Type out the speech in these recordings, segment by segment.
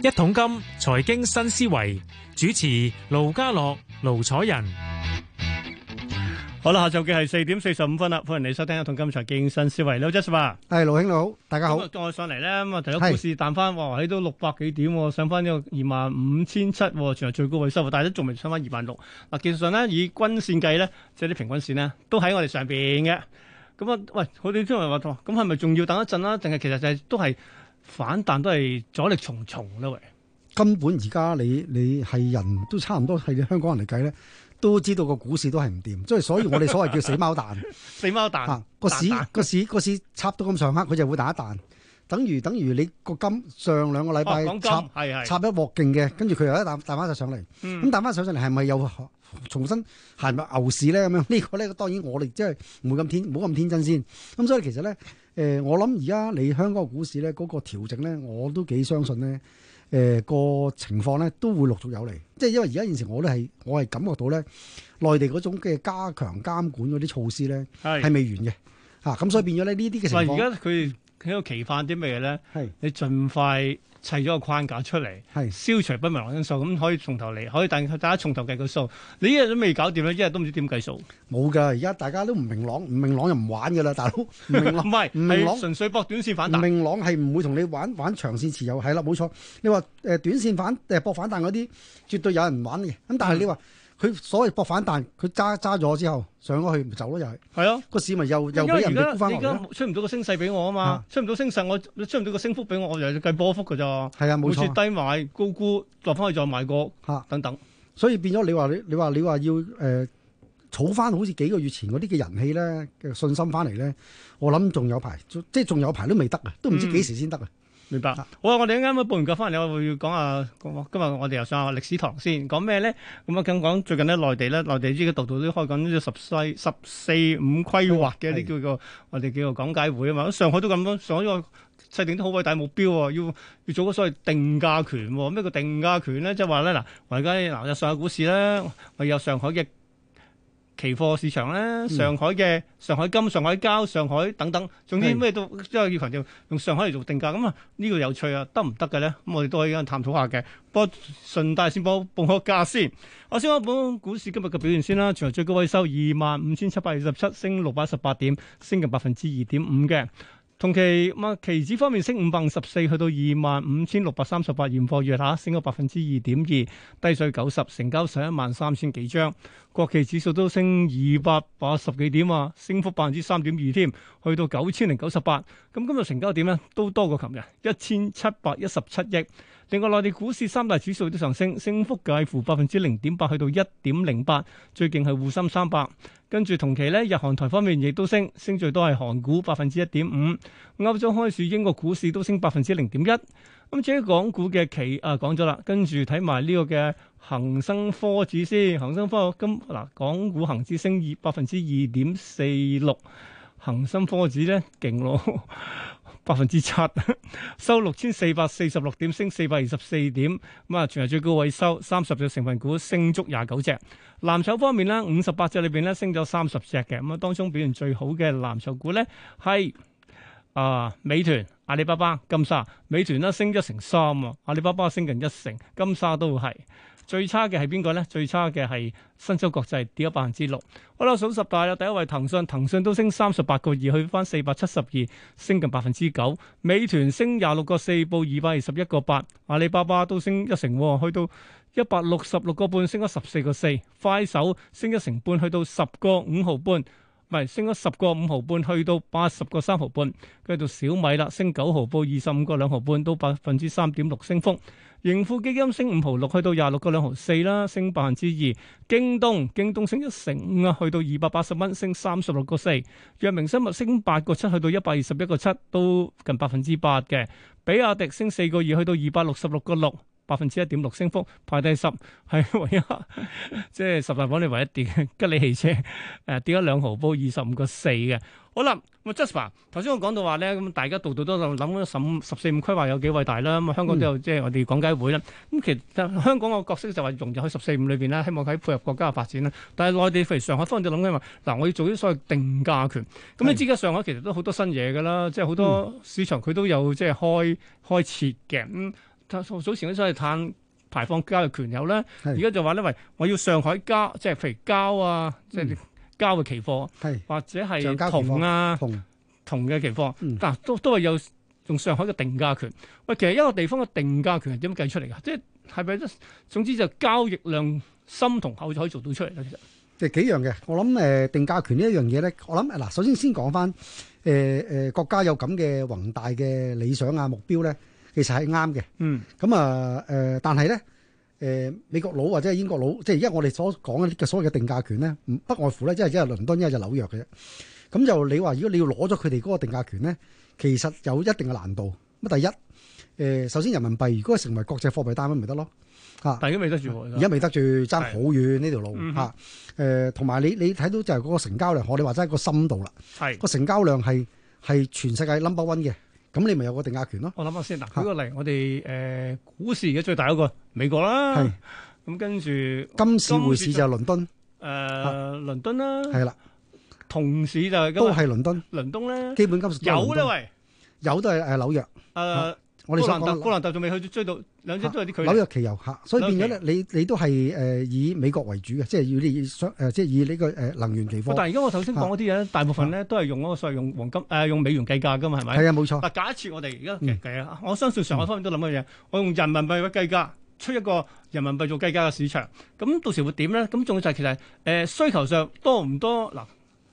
一桶金財經新思維主持盧家樂、盧楚仁。好啦，下晝嘅係四點四十五分啦，歡迎你收聽一桶金財經新思維。你好，Joseph 啊，係盧兄，你好，大家好。再上嚟咧，咁啊，又有股市彈翻，哇，起都六百幾點，上翻呢個二萬五千七，全係最高位收，但係都仲未上翻二萬六。嗱，技術上咧，以均線計咧，即係啲平均線呢，都喺我哋上邊嘅。咁啊，喂，好啲啲人話，咁係咪仲要等一陣啦？定係其實就係、是、都係。反彈都係阻力重重啦，喂！根本而家你你係人都差唔多係香港人嚟計咧，都知道個股市都係唔掂，即係所以我哋所謂叫死貓彈，死 貓彈，啊、彈彈個市彈彈個市個市，個市插到咁上刻，佢就會打一彈，等於等於你個金上兩個禮拜插插一鑊勁嘅，跟住佢又一彈彈翻就上嚟，咁彈翻上打上嚟係咪有？重新行埋牛市咧咁樣，這個、呢個咧當然我哋即係唔會咁天，唔好咁天真先。咁、嗯、所以其實咧，誒、呃、我諗而家你香港股市咧嗰、那個調整咧，我都幾相信咧。誒、呃、個情況咧都會陸續有嚟，即係因為而家現時我都係我係感覺到咧，內地嗰種嘅加強監管嗰啲措施咧係是未完嘅嚇，咁、啊、所以變咗咧呢啲嘅情況。而家佢喺度期盼啲咩嘢咧？係是你盡快。砌咗個框架出嚟，消除不明朗因素，咁是可以從頭嚟，可以大大家從頭計個數。你一日都未搞掂咧，一日都唔知點計數。冇㗎，而家大家都唔明朗，唔明朗就唔玩㗎啦，大佬。唔明朗唔係唔明朗，純粹博短線反彈。唔明朗係唔會同你玩玩長線持有，係啦，冇錯。你話誒短線反誒博反彈嗰啲，絕對有人唔玩嘅。咁但係你話。嗯佢所謂博反彈，佢揸揸咗之後上咗去，唔走咯，又係係咯個市民又，又又俾人低估出唔到個升勢俾我啊嘛，啊出唔到升勢，我出唔到個升幅俾我，我就計波幅噶咋。係啊，冇錯、啊，低買高沽落翻去再買過吓、啊、等等，所以變咗你話你你話你話要誒、呃、儲翻好似幾個月前嗰啲嘅人氣咧嘅信心翻嚟咧，我諗仲有排即係仲有排都未得啊，都唔知幾時先得啊。嗯明白。好、啊、我我哋啱啱報完價翻嚟，我會要講啊。今日我哋又上下歷史堂先講咩咧？咁啊，講講最近咧內地咧，內地依家度度都開緊十四、十四五規劃嘅啲、嗯、叫做我哋叫做講解會啊嘛。上海都咁多，上海因為制定啲好偉大目標喎，要要做個所謂定價權喎。咩叫定價權咧？即係話咧嗱，我而家嗱，上海股市啦，我有上海嘅。期貨市場咧，上海嘅上海金、上海交、上海等等，總之咩都即係要強調用上海嚟做定價。咁啊是，呢個有趣啊，得唔得嘅咧？咁、嗯、我哋都可以探討下嘅。不過順帶先幫報個價先。我先講本股市今日嘅表現先啦，全日最高位收二萬五千七百二十七，升六百十八點，升近百分之二點五嘅。同期啊期指方面升五百五十四，去到二萬五千六百三十八現貨月，下、啊、升咗百分之二點二，低水九十，成交上一萬三千幾張。國企指數都升二百八十幾點啊，升幅百分之三點二添，去到九千零九十八。咁今日成交點咧，都多過琴日一千七百一十七億。另外，內地股市三大指數都上升，升幅介乎百分之零點八，去到一點零八。最勁係滬深三百，跟住同期咧，日韓台方面亦都升，升最多係韓股百分之一點五。歐洲開市，英國股市都升百分之零點一。咁至於港股嘅期，啊講咗啦，跟住睇埋呢個嘅恒生科指先，恆生科，今嗱、呃、港股恒指升二百分之二點四六，恒生科指咧勁喎。 百分之七，收六千四百四十六點，升四百二十四點，咁啊，全日最高位收，三十隻成分股升足廿九隻。藍籌方面呢，五十八隻裏邊咧升咗三十隻嘅，咁啊當中表現最好嘅藍籌股咧係啊美團、阿里巴巴、金沙。美團咧升一成三啊，阿里巴巴升近一成，金沙都係。最差嘅係邊個呢？最差嘅係新洲國際跌咗百分之六。好啦，數十大啦，第一位騰訊，騰訊都升三十八個二，去返四百七十二，升近百分之九。美團升廿六個四，報二百二十一個八。阿里巴巴都升一成，去到一百六十六個半，升咗十四個四。快手升一成半，去到十個五毫半。係升咗十個五毫半，去到八十個三毫半，跟住小米啦，升九毫半，二十五個兩毫半，都百分之三點六升幅。盈富基金升五毫六，6, 去到廿六個兩毫四啦，4, 升百分之二。京東，京東升一成五啊，5, 去到二百八十蚊，升三十六個四。藥明生物升八個七，去到一百二十一個七，都近百分之八嘅。比亞迪升四個二，去到二百六十六個六。百分之一點六升幅，派低十係唯一， 即係十大股裏唯一跌嘅。吉利汽車誒、呃、跌咗兩毫波，二十五個四嘅。好啦，Jasper，頭先我講到話咧，咁大家度度都就諗緊十四五規劃有幾偉大啦。咁香港都有、嗯、即係我哋講解會啦。咁其實香港嘅角色就話融入去十四五裏邊啦，希望喺配合國家嘅發展啦。但係內地譬如上海方面就諗緊話，嗱，我要做啲所謂定價權。咁是你知家上海其實都好多新嘢㗎啦，即係好多市場佢都有即係開開設嘅。嗯早前都啲所謂碳排放交易權有啦。而家就話咧，喂，我要上海交即係譬如交啊，嗯、即係交嘅期貨，或者係銅啊，銅嘅期貨，嗱、嗯、都都係有用上海嘅定價權。喂，其實一個地方嘅定價權係點樣計出嚟嘅？即係係咪即總之就交易量深同厚就可以做到出嚟嘅？其實即係幾樣嘅。我諗誒、呃、定價權呢一樣嘢咧，我諗嗱首先先講翻誒誒國家有咁嘅宏大嘅理想啊目標咧。其實係啱嘅，咁啊誒，但係咧誒，美國佬或者英國佬，即係而家我哋所講嘅所謂嘅定價權咧，不外乎咧，即係即係倫敦，一係就紐約嘅啫。咁就你話，如果你要攞咗佢哋嗰個定價權咧，其實有一定嘅難度。咁第一，誒、呃，首先人民幣如果係成為國際貨幣單位，咪得咯嚇。但係而家未得住，而家未得住，爭好的遠呢條路嚇。誒，同埋你你睇到就係嗰個成交量，我哋話齋個深度啦，係個成交量係係全世界 number one 嘅。的的咁你咪有個定價權咯。我諗下先嗱，舉個例，我哋誒，股市而家最大嗰個美國啦，係咁，跟住金市匯市就係倫敦，誒，倫敦啦，係啦，銅市就係都係倫敦，倫敦咧，基本金屬有咧，喂，有都係誒紐約，誒。我哋波蘭德，波蘭德仲未去追到兩者都係啲紐約期油客。所以變咗咧，你你都係誒、呃、以美國為主嘅，即係要你誒，即、呃、係以呢個誒能源地方。但係而家我頭先講嗰啲嘢大部分咧都係用嗰個，所以用黃金誒、呃、用美元計價㗎嘛，係咪？係啊，冇錯。嗱，假設我哋而家計啊，我相信上海方面都諗一樣嘢，嗯、我用人民幣去計價，出一個人民幣做計價嘅市場，咁到時會點咧？咁仲要就係其實誒、呃呃、需求上多唔多？嗱、呃呃，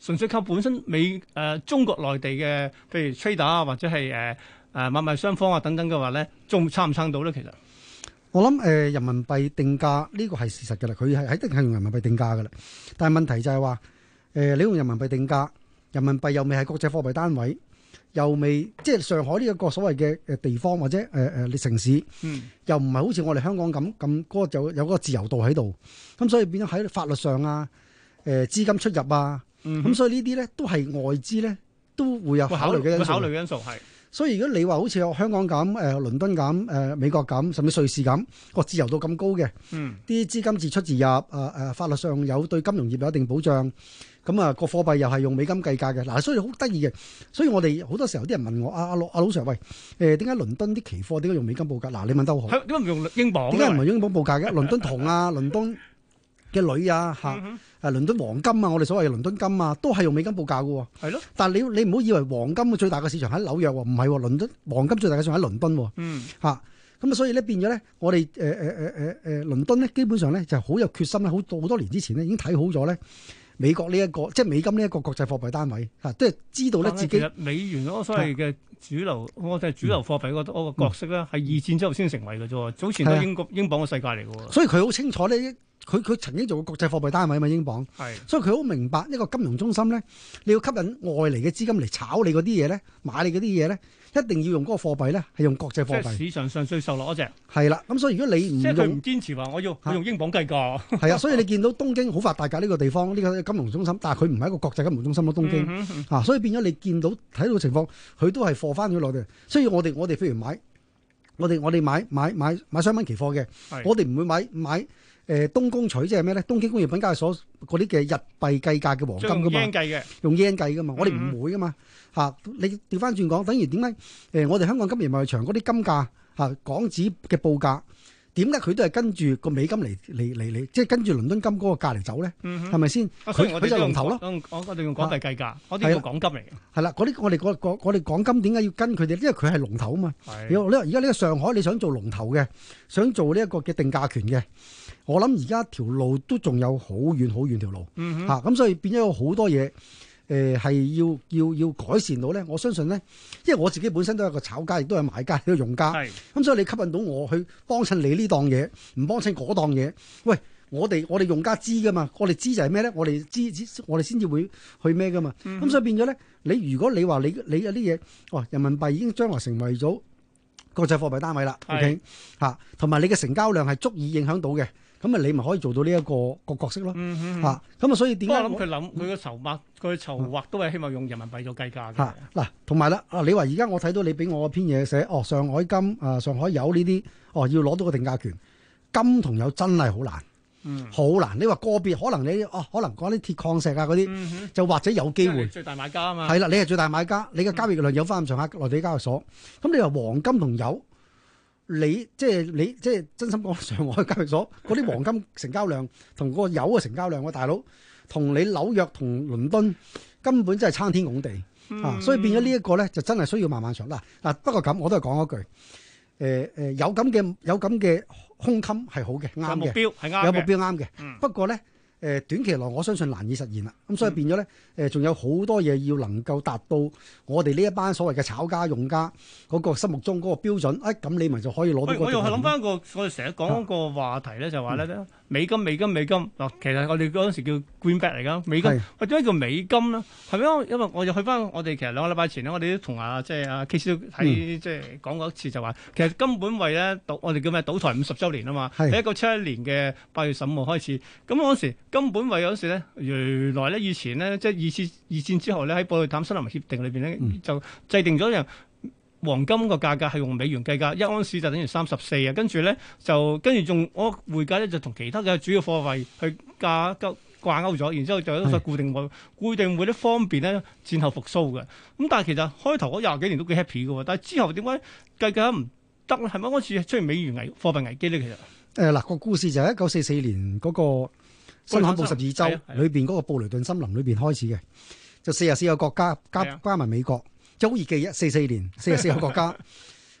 純粹靠本身美誒、呃、中國內地嘅，譬如 trader 啊，或者係誒。呃誒、啊、買賣雙方啊，等等嘅話咧，仲撐唔撐到咧？其實我諗誒、呃、人民幣定價呢個係事實嘅啦，佢係一定係用人民幣定價嘅啦。但係問題就係話誒，你、呃、用人民幣定價，人民幣又未係國際貨幣單位，又未即係上海呢一個所謂嘅誒地方或者誒誒、呃呃、城市，嗯、又唔係好似我哋香港咁咁嗰個有有個自由度喺度。咁所以變咗喺法律上啊，誒、呃、資金出入啊，咁、嗯、哼所以呢啲咧都係外資咧都會有考慮嘅因素。考慮因素係。所以如果你話好似香港咁、誒倫敦咁、誒、呃、美國咁，甚至瑞士咁個自由度咁高嘅，啲、嗯、資金自出自入，誒、呃、誒法律上有對金融業有一定保障，咁啊個貨幣又係用美金計價嘅。嗱、呃，所以好得意嘅。所以我哋好多時候啲人問我：阿阿阿老 Sir，喂，誒點解倫敦啲期貨點解用美金報價？嗱，你問得好，點解唔用英鎊？點解唔用英鎊報價嘅？ 倫敦銅啊，倫敦。嘅女啊，嚇、啊，係倫敦黃金啊，我哋所謂嘅倫敦金啊，都係用美金報價㗎喎、啊。係咯的，但係你你唔好以為黃金嘅最大嘅市場喺紐約喎，唔係、啊，倫敦黃金最大嘅市場喺倫敦喎、啊。嗯，嚇，咁啊，所以咧變咗咧，我哋誒誒誒誒誒倫敦咧，基本上咧就好、是、有決心咧，好好多年之前咧已經睇好咗咧美國呢、這、一個即係美金呢一個國際貨幣單位嚇，即、啊、係知道咧自己其實美元嗰個所謂嘅主流，嗯、我哋係主流貨幣嗰個角色咧，係二戰之後先成為㗎啫喎，早前都英、嗯嗯、英國英鎊嘅世界嚟㗎喎。所以佢好清楚呢。佢佢曾經做過國際貨幣單位嘛？英鎊，是的 所以佢好明白一個金融中心咧，你要吸引外嚟嘅資金嚟炒你嗰啲嘢咧，買你嗰啲嘢咧，一定要用嗰個貨幣咧，係用國際貨幣。市場上最受落嗰隻。係啦，咁所以如果你唔即係佢唔堅持話，我要我用英鎊計價。係 啊，所以你見到東京好發達㗎呢個地方，呢、呢個金融中心，但係佢唔係一個國際金融中心咯，東京嚇、嗯嗯啊，所以變咗你見到睇到情況，佢都係貨翻咗落嚟。所以我哋我哋譬如買，我哋我哋買買買買,買,買商品期貨嘅，的我哋唔會買買。買誒，東工取即係咩咧？東京工業品交易所嗰啲嘅日幣計價嘅黃金噶嘛，用 yen 計嘅，用 yen 計噶嘛，我哋唔會噶嘛嚇、嗯啊。你調翻轉講，等於點解誒？我哋香港金年市場嗰啲金價嚇、啊、港紙嘅報價。點解佢都係跟住個美金嚟嚟嚟嚟，即係、就是、跟住倫敦金嗰個價嚟走咧？係咪先？佢佢就龍頭咯的。我我哋用港幣計價，我哋用港金嚟。係啦，嗰啲我哋我哋港金點解要跟佢哋？因為佢係龍頭啊嘛。而而家呢個上海，你想做龍頭嘅，想做呢一個嘅定價權嘅，我諗而家條路都仲有好遠好遠條路。吓咁、嗯哼啊，所以變咗好多嘢。誒係、呃、要要要改善到咧，我相信咧，因為我自己本身都係一個炒家，亦都係買家，一個用家。係是。咁、嗯、所以你吸引到我去幫襯你呢檔嘢，唔幫襯嗰檔嘢。喂，我哋我哋用家知噶嘛？我哋知就係咩咧？我哋知，我哋先至會去咩噶嘛？咁、嗯嗯、所以變咗咧，你如果你話你你啲嘢，哇、哦！人民幣已經將來成為咗國際貨幣單位啦是，OK 嚇、啊，同埋你嘅成交量係足以影響到嘅。咁啊，你咪可以做到呢一個個角色咯嚇。咁、嗯、哼啊，所以點解我諗佢諗佢嘅籌碼、佢籌劃都係希望用人民幣做計價嘅。嗱、啊，同埋啦，啊，你話而家我睇到你俾我篇嘢寫，哦，上海金啊、呃，上海有呢啲上海油，哦，要攞到個定價權，金同有真係好難，金同油，嗯，好難。你話個別可能你哦、啊，可能講啲鐵礦石啊嗰啲，嗯、哼就或者有機會最大買家啊嘛。係啦，你係最大買家，你嘅交易量有翻咁上下內地交易所，咁你話黃金同油。你即係你即係真心講，上海交易所嗰啲黃金成交量同個油嘅成交量，我大佬，同你紐約同倫敦根本真係撐天拱地、嗯、啊！所以變咗呢一個咧，就真係需要慢慢上嗱嗱、啊。不過咁我都係講一句，誒、呃、誒，有咁嘅有咁嘅胸襟係好嘅，啱嘅，有目標啱嘅，嗯、不過咧。誒短期內我相信難以實現啦，咁所以變咗咧，誒仲有好多嘢要能夠達到我哋呢一班所謂嘅炒家用家嗰個心目中嗰個標準，哎咁你咪就可以攞到。喂，我又係諗翻個，我哋成日講個話題咧，就話咧咧。美金，美金，美金。嗱，其實我哋嗰陣時叫 greenback 嚟噶，美金。或者是、啊、叫美金咧？係咪因為我就去翻我哋其實兩個禮拜前咧，我哋都同啊，即係啊，K 叔睇即係講過一次，就話、是嗯、其實金本位咧，我哋叫咩倒台五十週年啊嘛，係一個七一年一九七一年嘅八月十五號開始。咁嗰時金本位嗰時咧，原來咧以前咧，即係二次二戰之後咧，喺《布雷頓森林協定裡面呢》裏邊咧就制定咗一樣。黃金個價格係用美元計價，一盎司就等於三十四啊。跟住咧就跟住仲我匯價咧就同其他嘅主要貨幣去掛勾掛勾咗，然之後就一個固定匯的固定匯都方便咧戰後復甦嘅。咁但係其實開頭嗰廿幾年都幾 happy 嘅，但係之後點解計價唔得咧？係咪一盎司出現美元危貨幣危機咧？其實誒嗱個故事就係一九四四年嗰個新罕布什爾州裏邊嗰個布雷頓森林裏邊開始嘅，就四十四個國家加加埋的美國。早二熱嘅，四四年，四十四個國家，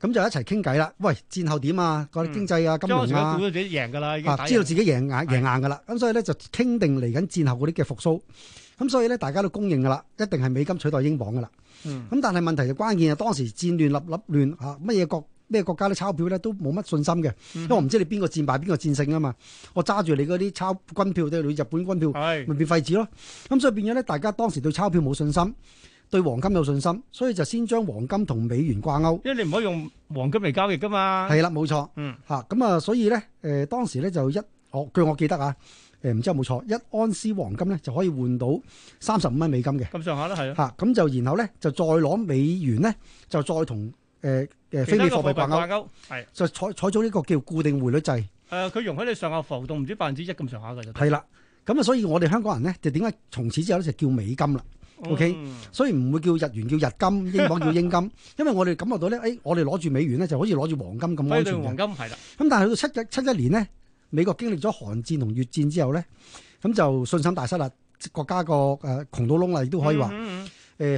咁就一齊傾偈啦。喂，戰後點啊？嗰啲經濟啊，金融啊，知道自己贏嘅啦，知道自己贏硬贏硬嘅啦。咁所以咧就傾定嚟緊戰後嗰啲嘅復甦。咁所以咧大家都公認嘅啦，一定係美金取代英鎊嘅啦。咁但係問題就關鍵係當時戰亂立立亂嚇，乜嘢國咩國家啲鈔票咧都冇乜信心嘅，因為我唔知你邊個戰敗邊個戰勝啊嘛。我揸住你嗰啲鈔軍票對你日本軍票，咪變廢紙咯。咁所以變咗咧，大家當時對鈔票冇信心。對黃金有信心，所以就先將黃金同美元掛鈎。因為你唔可以用黃金嚟交易噶嘛。係啦，冇錯。嗯，吓咁啊，所以咧，誒，當時咧就一，據我記得啊，誒，唔知有冇錯，一安士黃金咧就可以換到三十五蚊美金嘅。咁上下啦，係啦。吓咁就然後咧就再攞美元咧就再同誒誒非美貨幣掛鈎。掛鈎係就採採咗呢個叫固定匯率制。誒，佢容許你上下浮動唔知百分之一咁上下噶啫。係啦，咁啊，所以我哋香港人咧就點解從此之後咧就叫美金啦。O Okay ? K，、mm hmm. 所以唔會叫日元叫日金，英鎊叫英金， 因為我哋感覺到咧，誒、哎，我哋攞住美元咧，就好似攞住黃金咁安全對對黃金係啦。咁、嗯、但係去到七一七一年咧，美國經歷咗韓戰同越戰之後咧，咁就信心大失啦，國家個誒窮到窿啦，亦都可以話，誒好、mm hmm.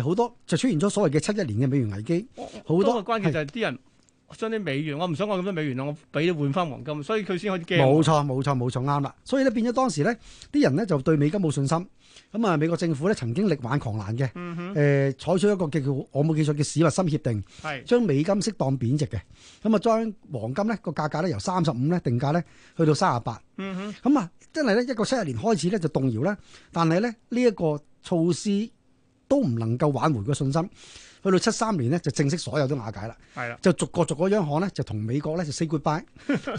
呃、多就出現咗所謂嘅七一年嘅美元危機，好、哦哦、多，多關鍵就係啲是人。將啲美元，我唔想我咁多美元咯，我俾你換翻黃金，所以佢先可以驚。冇錯，冇錯，冇錯，啱啦。所以咧，變咗當時咧，啲人咧就對美金冇信心。咁啊，美國政府咧曾經力挽狂瀾嘅，誒、嗯哼，採、呃、取一個叫我冇記錯叫史密森協定，將是美金適當貶值嘅，咁啊，將黃金咧個價格咧由三十五咧定價咧去到三十八。咁啊，真係咧一個七十年開始咧就動搖啦，但係咧呢一個措施都唔能夠挽回個信心。去到七三年呢，就正式所有都瓦解啦。係啦的，就逐個逐個央行咧，就同美國咧就 say goodbye，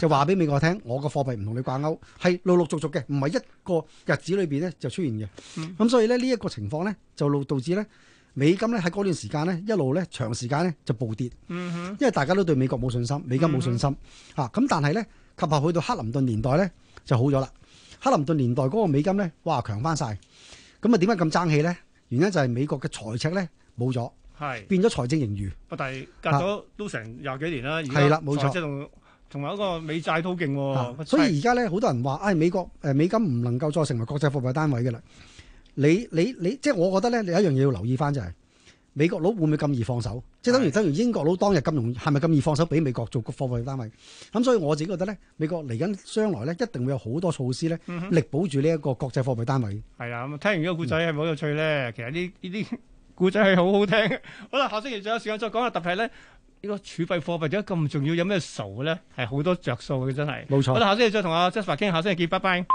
就話俾美國聽， 我個貨幣唔同你掛鈎，係陸陸續續嘅，唔係一個日子裏邊咧就出現嘅。咁、嗯、所以咧呢一個情況咧就導致咧美金咧喺嗰段時間咧一路咧長時間咧就暴跌，嗯、哼因為大家都對美國冇信心，美金冇信心嚇。咁、嗯哼啊、但係咧，及後去到克林頓年代咧就好咗啦。克林頓年代嗰個美金咧，哇強翻晒。咁啊！點解咁爭氣咧？原因就係美國嘅財赤咧冇咗。係是變咗財政盈餘，但係隔咗都成廿幾年啦。而冇錯，即係同同埋一個美債都好勁，啊、的所以而家咧好多人話，唉、哎，美國誒、呃，美金唔能夠再成為國際貨幣單位嘅啦。你你你，即係、就是、我覺得咧，你有一樣嘢要留意翻就係、是，美國佬會唔會咁易放手？即係的等於等於英國佬當日咁容易，係咪咁易放手俾美國做國際貨幣單位？咁所以我自己覺得咧，美國嚟緊將來咧，一定會有好多措施咧，力保住呢一個國際貨幣單位。係啦，咁聽完呢個故仔係好有趣咧。其實呢呢啲。 古仔係好好聽， 好啦，下星期仲有時間再講啊！特別係咧，呢個儲備貨幣點解咁重要？有咩數咧？係好多着數嘅，真係冇錯。好啦，下星期再同阿 Jeffrey 傾，下星期見，拜拜。